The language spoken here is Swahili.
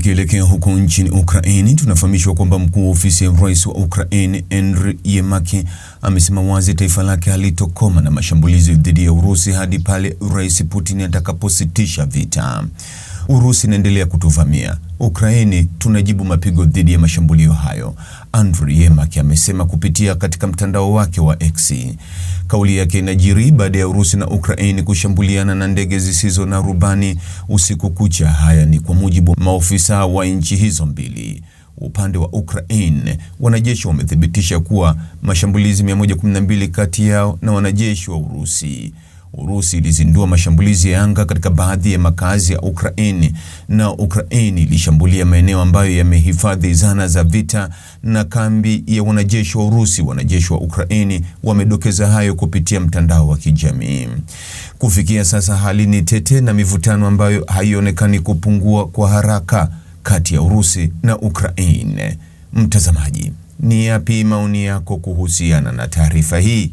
Tukielekea huko nchini Ukraini, tunafahamishwa kwamba mkuu wa ofisi ya rais wa Ukraini Andriy Yermak amesema wazi taifa lake halitokoma na mashambulizi dhidi ya Urusi hadi pale Rais Putin atakapositisha vita. Urusi inaendelea kutuvamia Ukraini, tunajibu mapigo dhidi ya mashambulio hayo, Andriy Yermak amesema kupitia katika mtandao wake wa X. Kauli yake inajiri baada ya Urusi na Ukraini kushambuliana na ndege zisizo na rubani usiku kucha. Haya ni kwa mujibu maofisa wa nchi hizo mbili. Upande wa Ukraine wanajeshi wamethibitisha kuwa mashambulizi 112 kati yao na wanajeshi wa Urusi. Urusi ilizindua mashambulizi ya anga katika baadhi ya makazi ya Ukraini na Ukraini ilishambulia maeneo ambayo yamehifadhi zana za vita na kambi ya wanajeshi wa Urusi. Wanajeshi wa Ukraini wamedokeza hayo kupitia mtandao wa kijamii. Kufikia sasa hali ni tete na mivutano ambayo haionekani kupungua kwa haraka kati ya Urusi na Ukraini. Mtazamaji, ni yapi maoni yako kuhusiana na taarifa hii?